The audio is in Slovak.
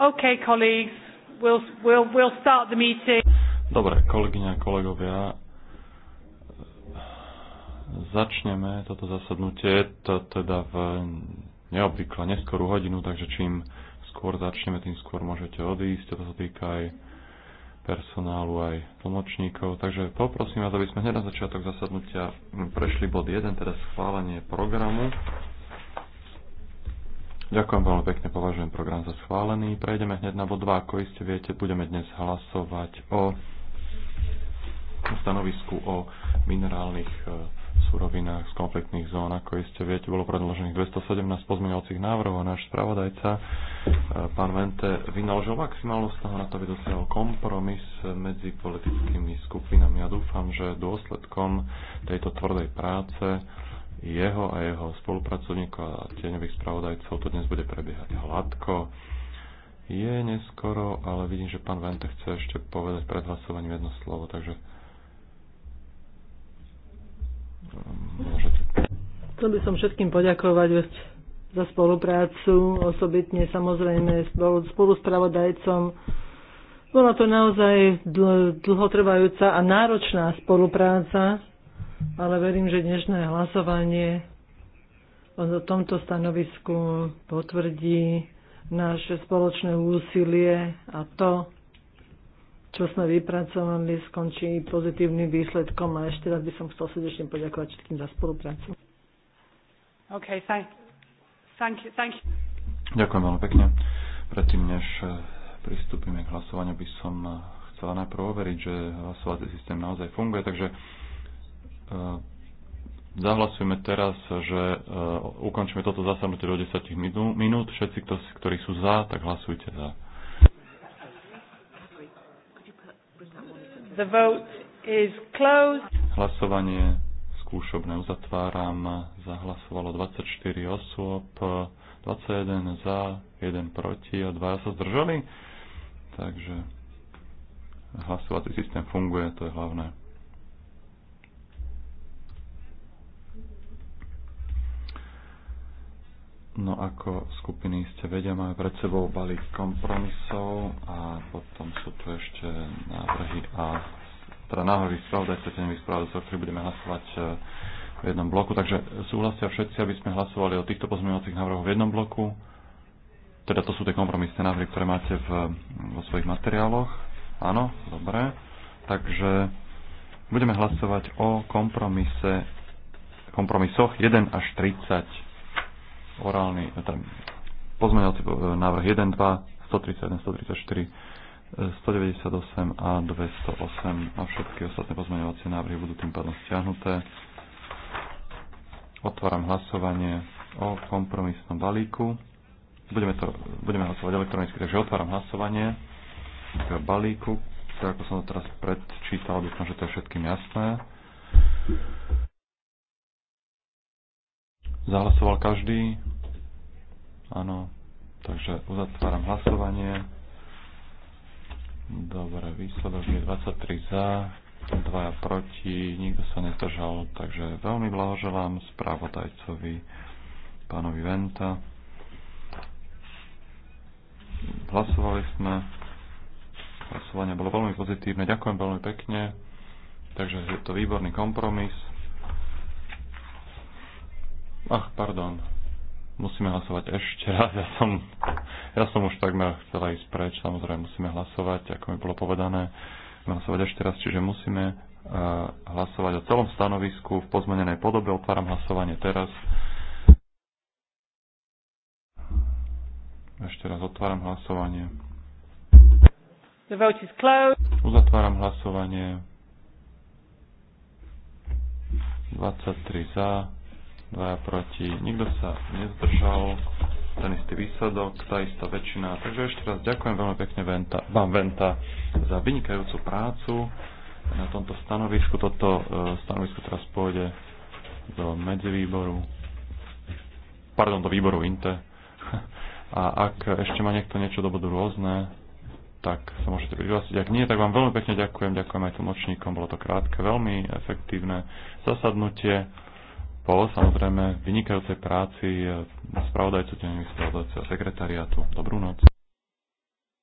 Okay, colleagues, we'll, we'll, we'll start the meeting. Dobre, kolegyňa kolegovia, začneme toto zasadnutie, to teda v neobvykle neskorú hodinu, takže čím skôr začneme, tým skôr môžete odísť. To sa týka aj personálu, aj tlmočníkov. Takže poprosím vás, aby sme hneď na začiatok zasadnutia prešli bod 1, teda schválenie programu. Ďakujem veľmi pekne, považujem program za schválený. Prejdeme hneď na bod 2. Ako iste viete, budeme dnes hlasovať o stanovisku o minerálnych e, surovinách z konfliktných zón. Ako iste viete, bolo predložených 217 pozmeňovacích návrhov a náš spravodajca, e, pán Vente, vynaložil maximálnu snahu na to, aby dosiahol kompromis medzi politickými skupinami. Ja dúfam, že dôsledkom tejto tvrdej práce jeho a jeho spolupracovníkov a tieňových spravodajcov to dnes bude prebiehať hladko. Je neskoro, ale vidím, že pán Vente chce ešte povedať pred hlasovaním jedno slovo, takže um, môžete. Chcel by som všetkým poďakovať za spoluprácu, osobitne samozrejme spolu, spolu s pravodajcom. Bola to naozaj dl- dlhotrvajúca a náročná spolupráca, ale verím, že dnešné hlasovanie o tomto stanovisku potvrdí naše spoločné úsilie a to, čo sme vypracovali, skončí pozitívnym výsledkom a ešte raz by som chcel srdečne poďakovať všetkým za spoluprácu. Okay, thank, thank you, thank you. Ďakujem veľmi pekne. Predtým, než pristúpime k hlasovaniu, by som chcela najprv overiť, že hlasovací systém naozaj funguje, takže E, zahlasujeme teraz, že e, ukončíme toto zasadnutie do 10 minút. Všetci, ktorí sú za, tak hlasujte za. The vote is closed. Hlasovanie skúšobné uzatváram. Zahlasovalo 24 osôb, 21 za, 1 proti a 2 sa zdržali. Takže hlasovací systém funguje, to je hlavné. No ako skupiny ste vedia, máme pred sebou balík kompromisov a potom sú tu ešte návrhy a teda návrhy chcete nevy spravodajcov, so ktorých budeme hlasovať e, v jednom bloku. Takže súhlasia všetci, aby sme hlasovali o týchto pozmeňovacích návrhoch v jednom bloku. Teda to sú tie kompromisné návrhy, ktoré máte v, vo svojich materiáloch. Áno, dobre. Takže budeme hlasovať o kompromise, kompromisoch 1 až 30 orálny, teda pozmeňovací eh, návrh 1, 2, 131, 134, 198 a 208 a všetky ostatné pozmeňovacie návrhy budú tým pádom stiahnuté. Otváram hlasovanie o kompromisnom balíku. Budeme, to, budeme hlasovať elektronicky, takže otváram hlasovanie k balíku. Tak ako som to teraz predčítal, dúfam, že to je všetkým jasné. Zahlasoval každý? Áno. Takže uzatváram hlasovanie. Dobre, výsledok je 23 za, 2 proti, nikto sa nezdržal, takže veľmi blahoželám správodajcovi pánovi Venta. Hlasovali sme, hlasovanie bolo veľmi pozitívne, ďakujem veľmi pekne, takže je to výborný kompromis. Ach, pardon. Musíme hlasovať ešte raz. Ja som, ja som už takmer chcela ísť preč. Samozrejme, musíme hlasovať, ako mi bolo povedané. Hlasovať ešte raz, čiže musíme uh, hlasovať o celom stanovisku v pozmenenej podobe. Otváram hlasovanie teraz. Ešte raz otváram hlasovanie. The vote is closed. Uzatváram hlasovanie. 23 za, 2 proti, nikto sa nezdržal, ten istý výsledok, tá istá väčšina. Takže ešte raz ďakujem veľmi pekne Venta, vám Venta za vynikajúcu prácu na tomto stanovisku. Toto e, stanovisko teraz pôjde do medzivýboru, pardon, do výboru INTE. A ak ešte má niekto niečo do bodu rôzne, tak sa môžete prihlásiť. Ak nie, tak vám veľmi pekne ďakujem. Ďakujem aj tlmočníkom, bolo to krátke, veľmi efektívne zasadnutie po samozrejme vynikajúcej práci eh, spravodajcu, tenových spravodajcu a sekretariátu. Dobrú noc.